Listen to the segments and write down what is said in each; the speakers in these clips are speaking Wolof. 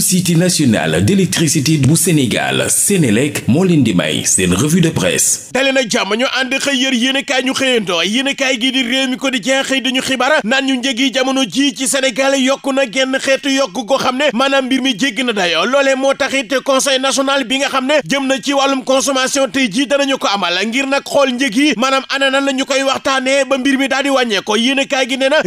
société nationale d'électricité bu Sénégal Sénélec moo leen di may seen revue de presse dali na jàmm ñu ànd xëy yër yéenekaay ñu xëyandoo yéenekaay gi di réew mi ko di jeex xëy dañu xibaar naan ñu njëg yi jamono ji ci Sénégal yokk na genn xeetu yokk goo xam ne maanaam mbir mi jégg na dayoo loolee moo taxit conseil national bi nga xam ne jëm na ci wàllum consommation tey ji danañu ko amal ngir nag xool njëg yi maanaam ana nan la ñu koy waxtaanee ba mbir mi daal di wàññeeko yéenekaay gi nee na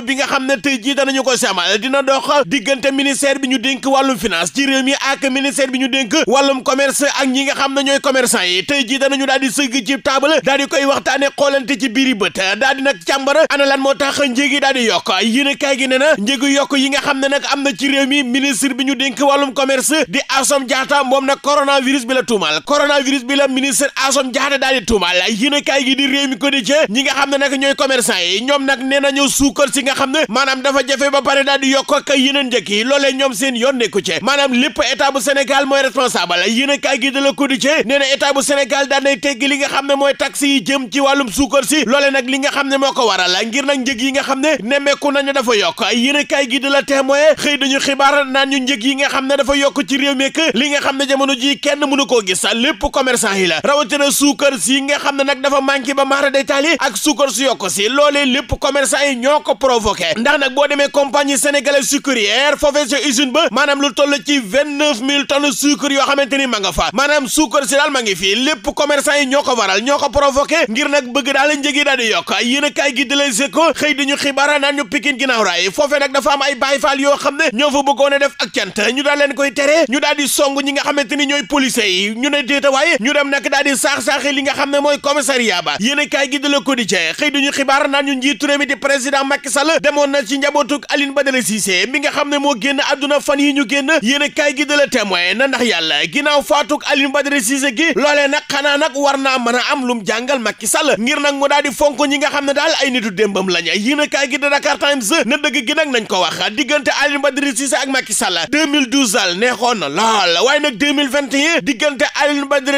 bi nga xam ne tey ji danañu ko si amal dina dox diggante bi ñu dénk wàllum finance ci réew mi ak ministère bi ñu dénk wàllum commerce ak ñi nga xam ne ñooy commerçant yi tey jii daal di sëgg ci taabal daal di koy xoolante ci biiri bët di nag càmbara ana lan moo tax njéegi daal di yokk yéen a kaay ne na njéegi yokk yi nga xam ne nag am na ci réew mi bi ñu dénk wàllum commerce di Assome Diatta moom nag coronavirus bi la la ministre Assome Diatta daal di a ne nag ñooy commerçant yi ñoom nag nee nañu suukar si nga xam ne maanaam dafa jafe ba pare daal di yokk ak yeneen njëkk yi loolee ñoom seen yoon yoon nekku ci maanaam lépp état bu Sénégal mooy responsable yéen a kaay gi de la Quotidien nee na état bu li nga xam ne mooy taxe yi jëm ci wàllum suukar si loole nag li nga xam ne moo ko waral ngir nag njëg yi nga xam ne nemmeeku nañu dafa yokk yéen a kaay gi de xëy dañu xibaar naan ñu njëg yi nga xam ne dafa yokk ci réew mekk li nga xam ne jamono ji kenn mënu koo gis lépp commerçant yi la rawatina suukar si nga xam ba maara day taali ak suukar su yokk si loolee lépp yi ko provoqué ndax nag boo demee compagnie sa usine ba maanaam lu toll ci vingt-neuf mille yoo xamante ni ma fa maanaam suukar si daal ma ngi fii lépp commerçant yi ñoo ko waral ñoo ko provoqué ngir nag bëgg daal njëgi daal yokk yéen a kaay gi di xëy di ñu xibaara naan ñu pikin ginnaaw raay foofee nag dafa am ay baay faal yoo xam ne ñoo fa bëggoon def ak cant ñu daal leen koy tere ñu daal di song ñi nga xamante ni ñooy policiers yi ñu ne déeta ñu dem nag daal di saax-saaxi li nga xam ne mooy commissariat ñu génn yéen a kaay gi de la témoin na ndax yàlla ginnaaw faatuk Alioune gi loolee nag xanaa nag war naa mën a am lum jàngal Macky Sall ngir nag mu daal di fonk ñi nga xam ne daal ay nitu démbam lañ yéen a kaay gi de Dakar Times na dëgg gi nag nañ ko wax diggante diggante Alioune Badara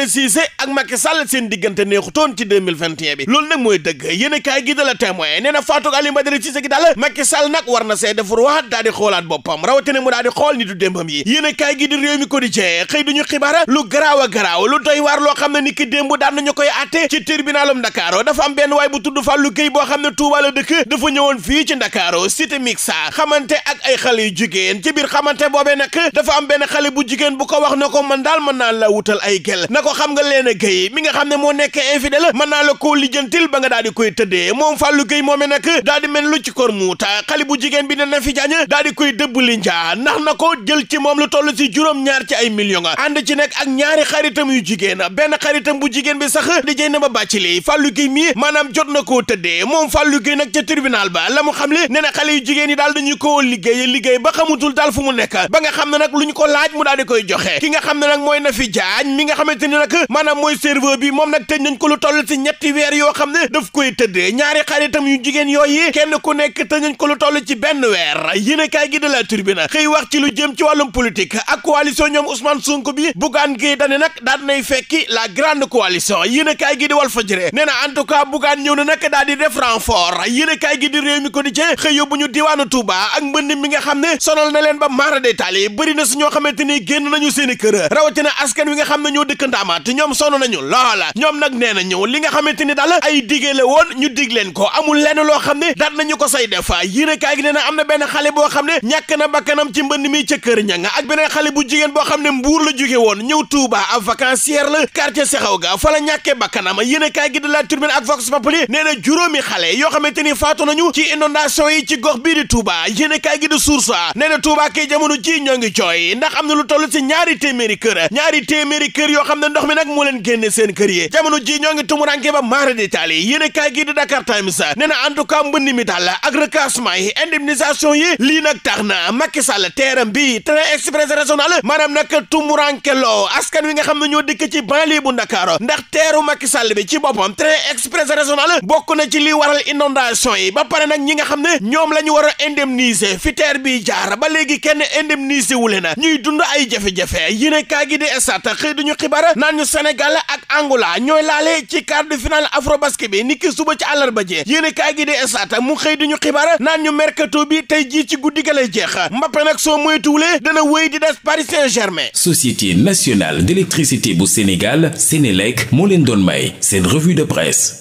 Cissé ak Macky diggante neexutoon ci 2021 bi loolu nag mooy dëgg yéen a kaay la témoin nee na faatuk Alioune Badara Cissé gi daal Macky nag war na see xëyitu démbam yi yéen a kaay gi di réew mi quotidien xëy duñu xibaar lu garaaw garaaw lu doy waar xam ne ni ki démb daan nañu koy àtte ci tribunalum Dakar dafa am benn waay bu tudd Fallou Gueye boo xam ne Touba la dëkk dafa ñëwoon fii ci Dakar cité mixa xamante ak ay xale yu jigéen ci biir xamante boobee nag dafa am benn xale bu jigéen bu ko wax na ko man daal mën naa la wutal ay gel na ko xam nga leen a Gueye mi nga xam ne moo nekk infidèle mën naa la koo lijjantil ba nga daal di koy tëddee moom Fallou Gueye moomee nag daal di mel lu ci kor muuta xale bi na fi daal di koy dëbb li jël ci moom lu toll ci juróom-ñaar ci ay millions ànd ci nag ak ñaari xaritam yu jigéen benn xaritam bu jigéen bi sax di jëy ba bàcci li Fallou Guèye mii maanaam jot na koo tëddee moom Fallou Guèye nag ca tribunal ba la mu xam le nee na xale yu jigéen yi daal dañuy ko liggéey liggéey ba xamutul daal fu mu nekk ba nga xam ne nag lu ñu ko laaj mu daal di koy joxe ki nga xam ne nag mooy na fi jaañ mi nga xamante ni nag maanaam mooy serveur bi moom nag tëj nañ ko lu toll si ñetti weer yoo xam ne daf koy tëddee ñaari xaritam yu jigéen yooyu kenn ku nekk tëj nañ ko lu toll ci benn weer yéen a kaay gi de la tribunal xëy wax ci lu jëm jëm ci wàllum politique ak coalition ñoom Ousmane Sonko bi Bougane Gueye Dany nag daal nay fekki la grande coalition yéen a kaay gi di Walf Fadjri na ñëw na nag daal di def renfort yéen a kaay gi di Rewmi Quotidien xëy ñu diwaanu Touba ak mbënd mi nga xam ne sonal na leen ba maara détaal yi bëri na su ñoo xamante ni génn nañu seen i kër rawatina askan wi nga xam ne ñoo dëkk ndaamaat ñoom sonn nañu loola ñoom nag nee na ñëw li nga xamante ni daal ay digee la ko amul lenn loo xam ne daat nañu ko say def a kaay gi nee na am na benn xale na bakkanam ci mbënd mi kër ñang ak beneen xale bu jigéen boo xam ne mbuur la jóge woon ñëw Touba ab vacancière la quartier Sexaw ga fa la ñàkkee bakkanam yéene kaay gi de la Tribune ak Vox Populi nee na juróomi xale yoo xamante ni faatu nañu ci inondation yi ci gox bii di Touba yéene kaay gi de Source A nee na Touba kay jamono ji ñoo ngi jooy ndax am na lu toll ci ñaari téeméeri kër ñaari téeméeri kër yoo xam ne ndox mi nag mu leen génne seen kër yi jamono ji ñoo ngi tumuranke ba maara di taali yéene kaay gi de Dakar Times nee na en tout cas mbënd mi daal ak recasement yi lii nag tax na Macky Sall teeram bi bi train express régional maanaam nag tumurankeloo askan wi nga xam ne ñoo dëkk ci banlieue bu Ndakaaru ndax teeru Macky Sall bi ci boppam train express régional bokk na ci li waral inondation yi ba pare nag ñi nga xam ne ñoom la ñu war a indemniser fi teer bi jaar ba léegi kenn indemniser wule na ñuy dund ay jafe-jafe yi kaa gi di estat xëy duñu xibaar naan ñu Sénégal ak Angola ñooy laale ci quart de finale Afrobasket bi niki suba ci àllarba ba yéene kaa gi mu xëy ñu mercato bi tey jii ci guddi ga lay jeex Mbappé nag soo moytu Boulay dana wéy di des Paris Saint-Germain. Société nationale d'électricité bu Sénégal Sénélec moo leen doon may seen revue de presse.